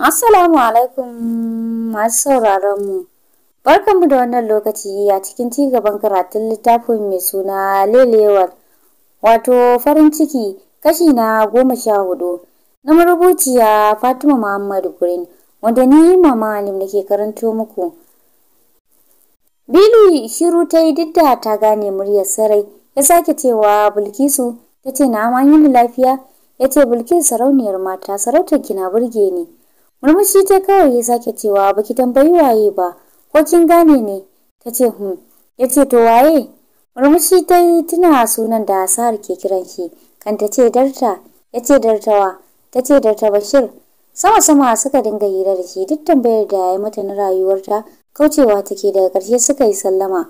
Assalamu alaikum masu sauraron mu. Barkanmu da wannan lokaci a cikin ci gaban karatun littafin mai suna lelewar wato farin ciki kashi na goma sha hudu na marubuciya Fatima Muhammadu Green wanda ni mama Alim nake karanto muku. Bilu shiru ta yi didda ta gane muryar sarai ya sake cewa Bilkisu ta ce na amanyin lafiya ya ce Bilkisu sarauniyar mata sarautar kina burge ni. murmushi ta kawai ya sake cewa baki tambayi waye ba ko kin gane ne ta ce hun hmm. ya ce to waye murmushi ta yi tuna sunan da asar ke kiran shi kan ta ce darta ya ce dartawa ta ce darta bashir sama sama suka dinga hira da shi duk tambayar da ya mata na rayuwarta kaucewa take daga ƙarshe suka yi sallama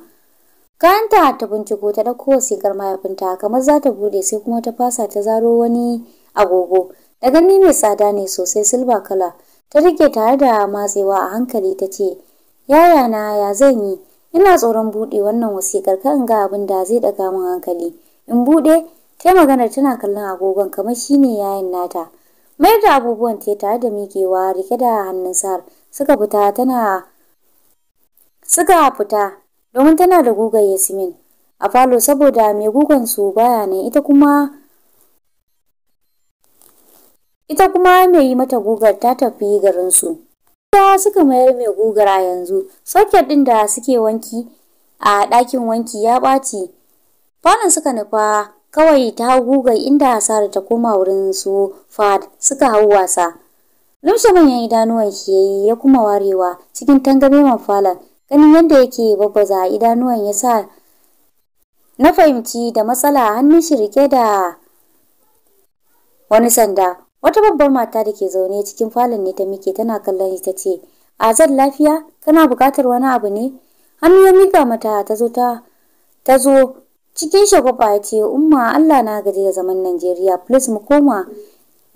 kayanta ta binciko ta ɗauko wasikar mahaifinta kamar za ta bude sai kuma ta fasa ta zaro wani agogo da gani mai tsada ne sosai silba kala ta rike tare da matsewa a hankali ta ce yaya na ya zan yi ina tsoron buɗe wannan wasikar kan ga abin da zai ɗaga min hankali in buɗe ta maganar tana kallon agogon kamar shine yayin nata mayar da abubuwan ta tare da miƙewa rike da hannun sar suka fita tana suka fita domin tana da gugan yasmin a falo saboda mai gugan su baya nan ita kuma ita kuma mai yi mata gugar ta tafi garinsu. Ta suka mayar mai gugar a yanzu, soket ɗin da suke wanki a ɗakin wanki ya ɓaci. Falon suka nufa kawai ta hau gugar inda Sara ta koma wurin su Fad suka hau wasa. Lumshe manyan idanuwan shi ya ya kuma warewa cikin man falon, ganin yadda yake babbaza idanuwan ya sa na fahimci da matsala hannun shi da wani sanda wata babbar mata da ke zaune cikin falon ne ta mike tana kallon ita ce azad lafiya kana bukatar wani abu ne hannu ya mika mata ta zo ta ta zo cikin shagwaba ya ce umma allah na gaji da zaman najeriya plus mu koma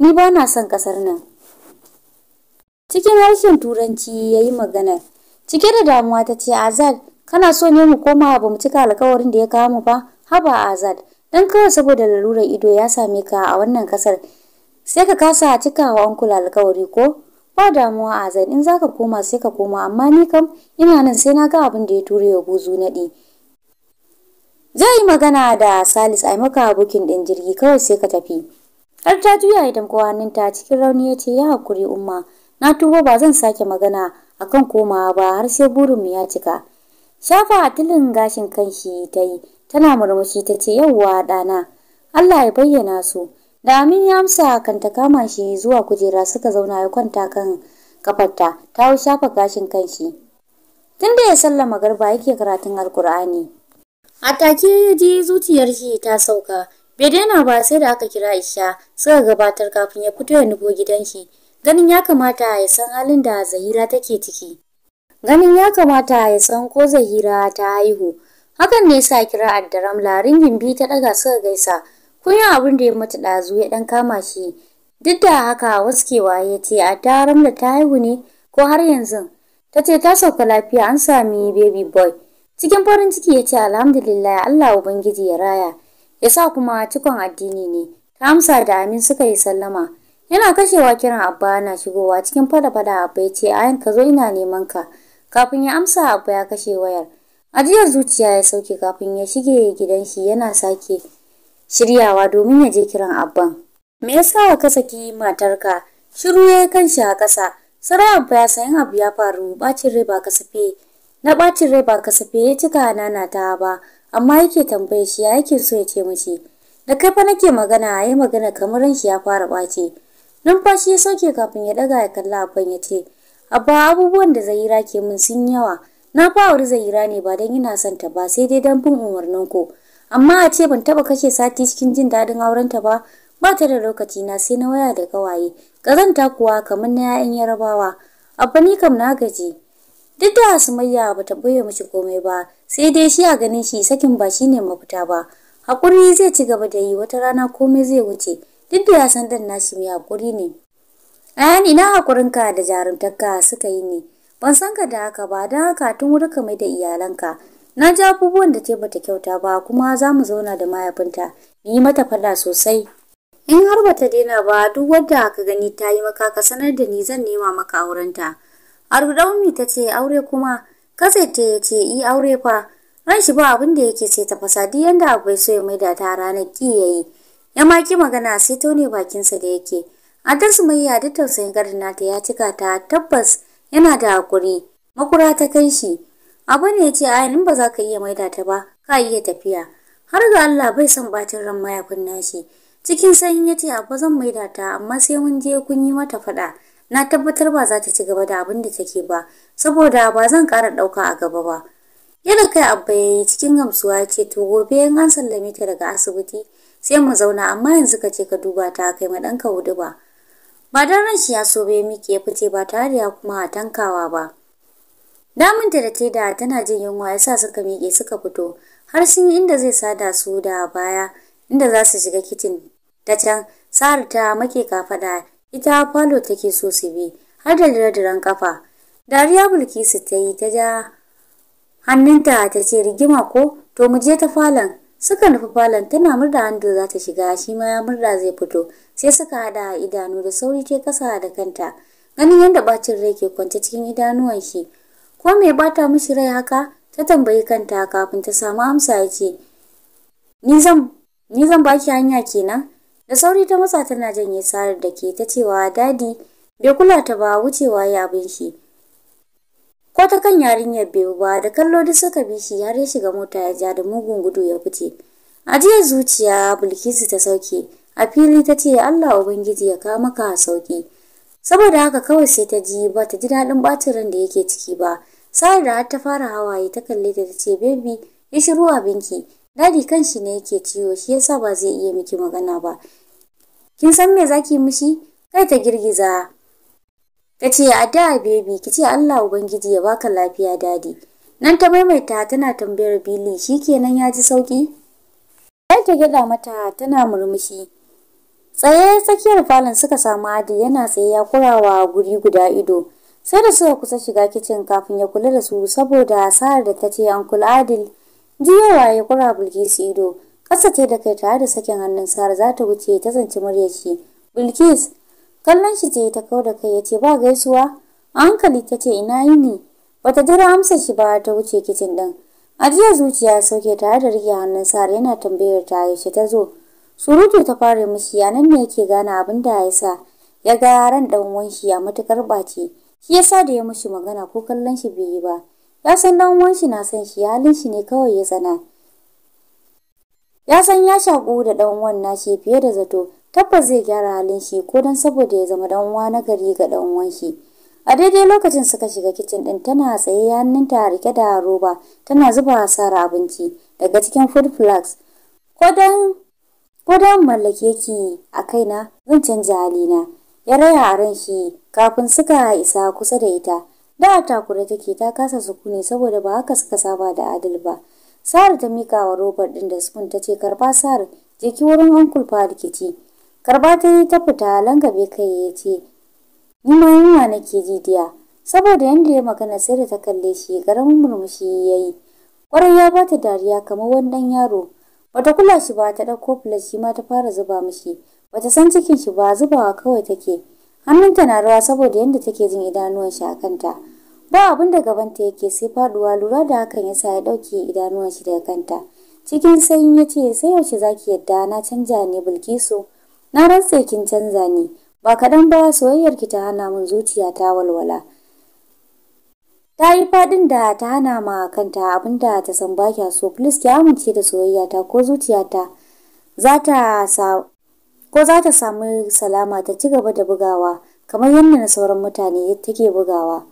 ni ba na son kasar nan cikin harshen turanci ya yi magana cike da damuwa ta ce azad kana so ne mu koma ba mu cika alkawarin da ya kawo mu ba haba azad dan kawai saboda lalurar ido ya same ka a wannan kasar sai ka kasa cikawa kula alkawari ko ba damuwa a zan in zaka koma sai ka koma amma ni kam ina nan sai na ga abin da ya ture ya buzu naɗi zai yi magana da salis a maka bukin ɗin jirgi kawai sai ka tafi har ta juya idan ko ta cikin rauni ya ce ya hakuri umma na tuba ba zan sake magana akan komawa ba har sai burinmu ya cika shafa a tilin gashin kanshi ta yi tana murmushi ta ce yauwa ɗana allah ya bayyana su Da Amin ya amsa kan ta kama shi zuwa kujera suka zauna ya kwanta kan kafarta ta hau shafa gashin kanshi. Tunda ya sallama garba yake karatun Alkur'ani. A take ya ji zuciyar shi ta sauka. Bai daina ba sai da aka kira Isha suka gabatar kafin ya fito ya nufo gidan shi. Ganin ya kamata ya san halin da Zahira take ciki. Ganin ya kamata ya san ko Zahira ta haihu. Hakan ne sa kira Addaram laringin bi ta daga suka gaisa. yi abin da ya mutu ɗazu ya ɗan kama shi duk da haka waskewa ya ce a daren da ta haihu ne ko har yanzu ta ce ta sauka lafiya an sami baby boy cikin farin ciki ya ce alhamdulillah allah ubangiji ya raya ya sa kuma cikon addini ne ta amsa da amin suka yi sallama yana kashewa kiran abba na shigowa cikin fada-fada abba ya ce ayan ka zo ina neman ka kafin ya amsa abba ya kashe wayar ajiyar zuciya ya sauke kafin ya shige gidan shi yana sake shiryawa domin ya je kiran abban. Me ya yasa ka saki matarka? Shiru ya kan shi a ƙasa. Sarai abba ya sayan abu ya faru bacin rai ba kasafe. Na bacin rai ba kasafe ya cika nana ta ba, amma yake tambaye shi ya yake so ya ce mace. Da kai fa nake magana ya magana kamar ran shi ya fara ɓace. Numfashi ya sauke kafin ya daga ya kalla abban ya ce, Abba abubuwan da Zahira ke mun sun yawa, na fa auri Zahira ne ba don yana son ta ba sai dai don bin umarnin ku. amma a ce ban taba kashe sati cikin jin daɗin aurenta ba ba ta da lokaci na sai na waya da gawaye kazanta kuwa kamar na 'ya'yan yarabawa abba ni kam na gaji duk da sumayya ba ta boye mishi komai ba sai dai shi a ganin shi sakin ba shine mafita ba hakuri zai ci gaba da yi wata rana komai zai wuce duk da ya san dan nashi mai hakuri ne ayan ina hakurinka da jarumtarka suka yi ne ban san ka da haka ba dan haka tun wuri ka mai da iyalanka na ji abubuwan da ta bata kyauta ba kuma za mu zauna da mahaifinta Ni yi mata fada sosai in har bata daina ba duk wadda aka gani ta yi maka ka sanar da ni zan nema maka aurenta arudaumi ta ce aure kuma kasaita ya ce i aure fa ran shi ba abin da yake sai ta fasa duk yanda abu bai so ya maida ta ranar ki yayi ya maki magana sai taune bakinsa da yake A Adar mai da tausayin garin ta ya cika ta tabbas yana da hakuri makura ta kai shi abu ne ya ce a in ba za ka iya maida ta ba ka iya tafiya har ga Allah bai son bacin ran mayafin nashi cikin sanyi ya ce abu zan maida ta amma sai mun je kun yi mata faɗa na tabbatar ba za ta ci gaba da abin da take ba saboda ba zan ƙara ɗauka a gaba ba Yana kai abba ya yi cikin gamsuwa ya ce to gobe in an sallame ta daga asibiti sai mu zauna amma yanzu ka ce ka duba ta kai ma ka hudu ba ba don ran shi ya so bai miki ya fice ba tare da ya kuma tankawa ba Damunta da Teda tana jin yunwa ya sa suka miƙe suka fito har sun yi inda zai sada su da baya inda za su shiga kicin da can Sa'ar ta make kafada ita falo take so su bi har da liradiran kafa. Dariya Bilkisu ta yi ta ja hannunta ta ce rigima ko to mu je ta falon suka nufi falon tana murda hannu za ta shiga shi ma ya murda zai fito sai suka hada idanu da sauri ta kasa da kanta ganin yadda bacin rai ke kwance cikin idanuwan shi Ko me bata mishi rai haka? Ta tambayi kanta kafin ta samu amsa ya ce, Ni zan ni zan baki hanya kenan. Da sauri ta matsa tana janye sarar da ke ta cewa dadi bai kula ta ba wucewa ya abin shi. Ko ta kan yarinyar bai ba da kallo da suka bi shi har ya shiga mota ya ja da mugun gudu ya fice. a jiya zuciya Bilkisu ta sauke. a fili ta ce Allah Ubangiji ya kawo maka sauki saboda haka kawai sai ta ji ba ta ji daɗin ɓacin ran da yake ciki ba sa'ar da har ta fara hawaye ta kalle ta ce baby ya shiru abinki dadi shi ne yake ciwo shi yasa ba zai iya miki magana ba kin san me zaki mishi kai ta girgiza ta ce a da baby ki ce Allah ubangiji ya baka lafiya dadi nan ta maimaita tana tambayar bili shikenan ya ji sauki ta gyada mata tana murmushi tsaye tsakiyar falon suka samu adi yana tsaye ya kurawa guri guda ido sai da suka kusa shiga kicin kafin ya kula da su saboda asarar da ta ce ankul adil jiyawa ya kura bilkisu ido kasa ce da kai tare da sakin hannun sara za ta wuce ta zanci muryar shi bilkis kallon shi ce ta kau da kai ya ce ba gaisuwa a hankali ta ce ina yi ne bata jira amsa shi ba ta wuce kicin din ajiya zuciya ya sauke tare da rike hannun sara yana tambayar ta yaushe ta zo surutu ta fara mishi yanan ne yake gane abin da ya sa ya ga ran dan uwan shi ya matukar bace shi yasa da ya mishi magana ko kallon shi bai yi ba ya san dan uwan shi na san shi halin shi ne kawai ya zana ya san ya shaku da dan uwan na shi fiye da zato tabbas zai gyara halin shi ko dan saboda ya zama dan uwa na gari ga dan uwan shi a daidai lokacin suka shiga kicin din tana tsaye hannunta rike da roba tana zuba sara abinci daga cikin food flags ko dan ko da mallake ki a kaina zan canja halina ya raya a ran shi kafin suka isa kusa da ita da takura take ta kasa sukuni saboda ba haka suka saba da adil ba sar ta mika wa robar din da spoon ta ce karba sar je ki wurin uncle fahad ki ci karba ta yi ta fita langabe kai ya ce ni ma yunwa nake ji diya saboda yanda ya magana sai da ta kalle shi karamin murmushi ya yi kwarai ya bata dariya kamar wani dan yaro Bata kula shi ba ta ɗauko plus shi ma ta fara zuba mishi. Bata san cikin shi ba zubawa kawai take. Hannunta na rawa saboda yadda take jin idanuwan shi a kanta. Ba abin da gaban gabanta yake sai faduwa lura da hakan yasa ya ɗauke idanuwan shi daga kanta. Cikin sanyi ya ce sai yaushe zaki yadda na canja ne Bilkisu. Na rantse kin canza ne Ba kaɗan ba soyayyar ki ta hana mun zuciya ta walwala. ta yi fadin da ta hana ma kanta abinda ta san ba kya so please ki amince da soyayya ta ko zuciyata za ta sa ko za ta samu salama ta ci gaba da bugawa kamar yadda na sauran mutane take bugawa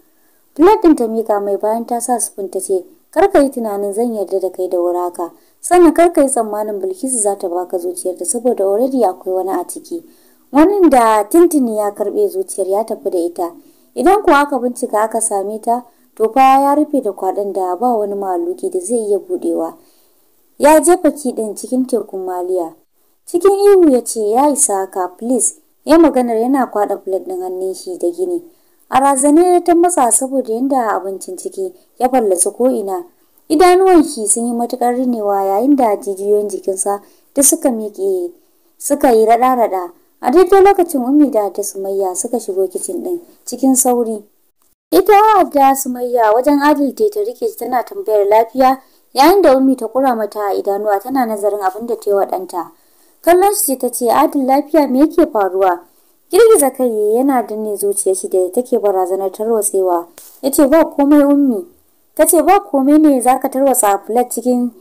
plate din ta mika mai bayan ta sa sufin ta ce kar ka yi tunanin zan yarda da kai da wuraka sannan kar ka yi tsammanin bilkisu za ta baka zuciyarta saboda already akwai wani a ciki wani da tintini ya karbe zuciyar ya tafi da ita idan kuwa aka bincika aka same ta to fa ya rufe da kwaɗin da ba wani maluki da zai iya buɗewa ya jefa kiɗin cikin tekun maliya cikin ihu ya ce ya isa ka please ya maganar yana kwaɗa plate ɗin hannun shi da gini a razane ta matsa saboda yadda abincin ciki ya fallasa ko'ina idanuwan shi sun yi matuƙar rinewa yayin da jijiyoyin jikinsa da suka miƙe suka yi raɗa-raɗa a daidai lokacin ummi da ta sumayya suka shigo kicin ɗin cikin sauri Ita da Sumayya wajen adalci ta rike tana tambayar lafiya yayin da Ummi ta kura mata idanuwa tana nazarin abin da ta yi wa ɗanta. Kallon shi ta ce adil lafiya me yake faruwa? Girgiza kai yana danne zuciyar shi da take barazanar tarwatsewa. Ya ce ba komai Ummi. Ta ba komai ne za ka tarwatsa a cikin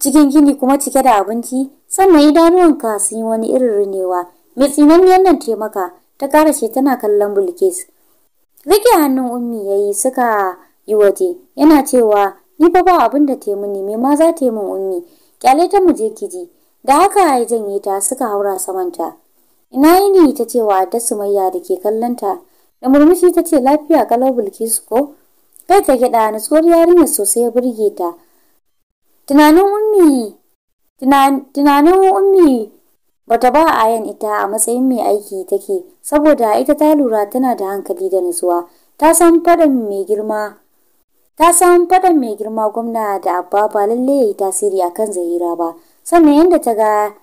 cikin gini kuma cike da abinci sannan idanuwanka sun yi wani irin rinewa. Mai tsinanniyar nan taimaka ta karashe tana kallon Bilkis. Rage hannun ummi ya yi suka yi waje, yana cewa ni fa ba abin da te mini me ma za te mun ummi, kyale ta mu je kiji. Da haka ya janye ta suka haura samanta. Ina yini ta cewa ta sumayya da ke kallon Da murmushi ta ce lafiya kalau Bilkisu ko? Kai ta na nutsuwar yarinya sosai ya burge ta. Tunanin ummi tunanin ummi Bata ba Ayan ita a matsayin mai aiki take, saboda ita ta lura tana da hankali da nutsuwa. Ta san faɗan mai girma Ta san fadan mai girma gwamna da abba ba lalle ya yi tasiri a kan zahira ba, sannan yadda ta ga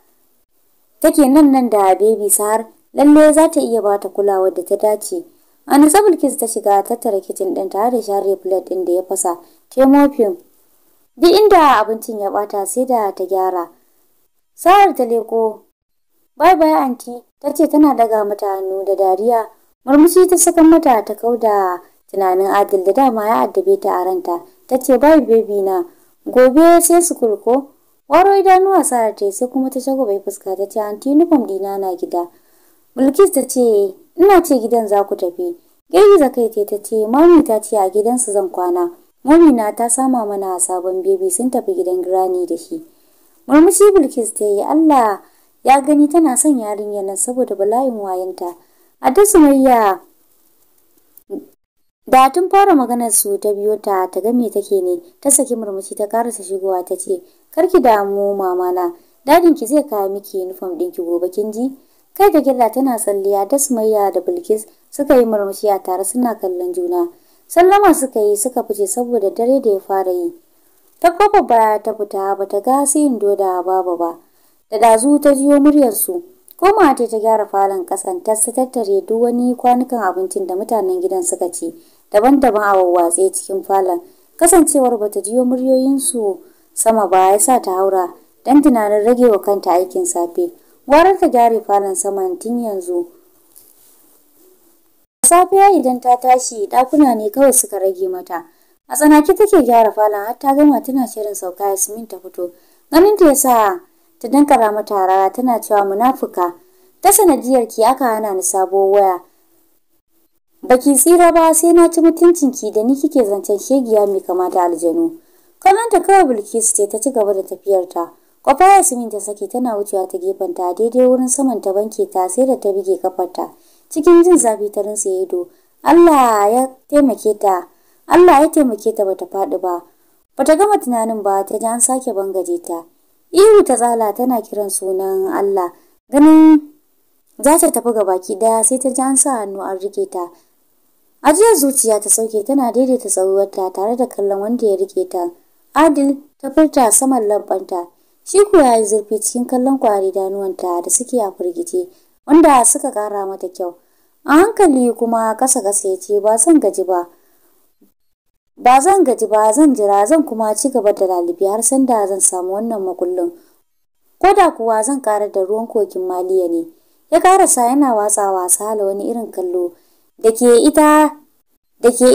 take nan nan da bebi sahar lalle za ta iya ba ta kulawar da ta dace. A Bilkis ta shiga tattara kicin ɗin tare da share plate ɗin da ya fasa, temofim. Duk inda abincin ya ɓata sai da ta gyara. Sahar ta leko Bye bye anti, ta ce tana daga mata hannu da dariya. Murmushi ta saka mata ta kauda tunanin Adil da dama ya addabe ta a ranta. Ta ce bye baby na, gobe sai su kurko. Waro idanuwa Sara ta sai kuma ta shago bai fuska ta ce anti uniform dina na gida. Bilkis ta ce ina ce gidan za ku tafi. Girgiza kai ce ta ce mami ta ce a gidansu zan kwana. Mami na ta sama mana sabon bebi sun tafi gidan Granny da shi. Murmushi Bilkis ta yi Allah ya gani tana son yarinyar nan saboda bala'in wayanta a da sumayya da tun fara maganar su ta biyo ta ta ga me take ne ta saki murmushi ta karasa shigowa ta ce ki damu mama na dadin ki zai kawo miki uniform ɗinki gobe kin ji kai da gilla tana tsalliya da sumayya da bilkis suka yi murmushi a tare suna kallon juna sallama suka yi suka fice saboda dare da ya fara yi ta kofa baya ta fita bata ga yin doda babu ba da dazu ta jiyo muryarsu ko mata ta gyara falon ƙasan ta su tattare duk wani kwanukan abincin da mutanen gidan suka ci daban-daban a wawwatse cikin falon kasancewar bata jiyo su sama ba ya sa ta haura dan tunanin rage wa kanta aikin safe gwarar ta gyara falon saman tun yanzu safiya idan ta tashi dakuna ne kawai suka rage mata a tsanaki take gyara falon har ta gama tana shirin sauka yasmin ta fito ganin ta sa. ta dankara mata rara tana cewa munafuka ta sanadiyar ki aka hana ni sabo waya baki tsira ba sai na ci mutuncin ki da ni kike zancen shegiya mai kama da aljanu kallon ta kawai bilkisu ce ta ci gaba da tafiyar ta kwafa yasmin ta saki tana wucewa ta gefen ta daidai wurin saman ta banke ta sai da ta bige kafarta cikin jin zafi ta rinsa ido Allah ya taimake ta Allah ya taimake ta bata faɗi ba bata gama tunanin ba ta ji an sake bangaje ta Ihu ta tsala tana kiran sunan Allah. Ganin za ta tafi ga baki daya sai ta ji an sa hannu an rike ta. Ajiyar zuciya ta sauke tana daidaita tsawuwarta tare da kallon wanda ya rike ta. Adil ta furta saman lambanta. Shi kuwa ya yi zurfi cikin kallon kwari danuwanta da suke a firgice, wanda suka kara mata kyau. A hankali kuma kasa kasa ya ce ba san gaji ba. Ba zan gaji ba zan jira zan kuma ci gaba da lalibi har sanda zan samu wannan makullin. Ko da kuwa zan karar da ruwan kokin maliya ne. Ya karasa yana watsa wasa da wani irin kallo da ke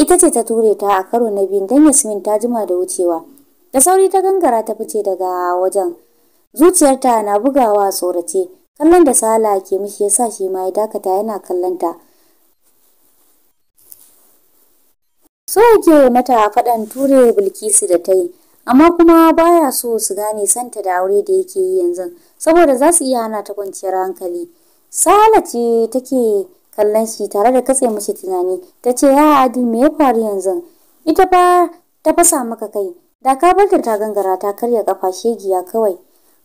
ita ce ta ture ta a karo na biyu, don Yasmin ta jima da wucewa. Da sauri ta gangara ta fice daga wajen. Zuciyarta na bugawa tsorace. Kallon da Sala ke mishi ya sa shi ma ya dakata yana kallonta. so yake mata faɗan ture bilkisu da ta amma kuma baya so su gane santa da aure da yake yi yanzu saboda za su iya hana ta kwanciyar hankali sala ce take kallon shi tare da katse mishi tunani ta ce ya adi me ya faru yanzu ita fa ta fasa maka kai da ka bar ta gangara ta karya kafa shegiya kawai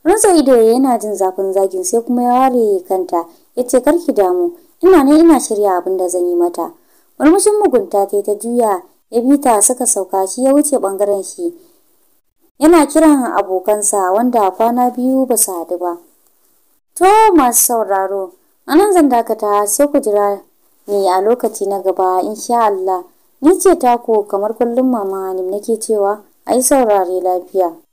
rutsa ido yana jin zafin zagin sai kuma ya ware kanta ya ce karki damu ina ne ina shirya abin da zan yi mata murmushin mugunta ta ta juya ya bi ta suka sauka shi ya wuce bangaren shi yana kiran abokansa wanda kwana biyu ba su haɗu ba to masu sauraro anan zan dakata sai ku jira ni a lokaci na gaba insha Allah ni ce taku kamar kullum mama nake cewa ai saurare lafiya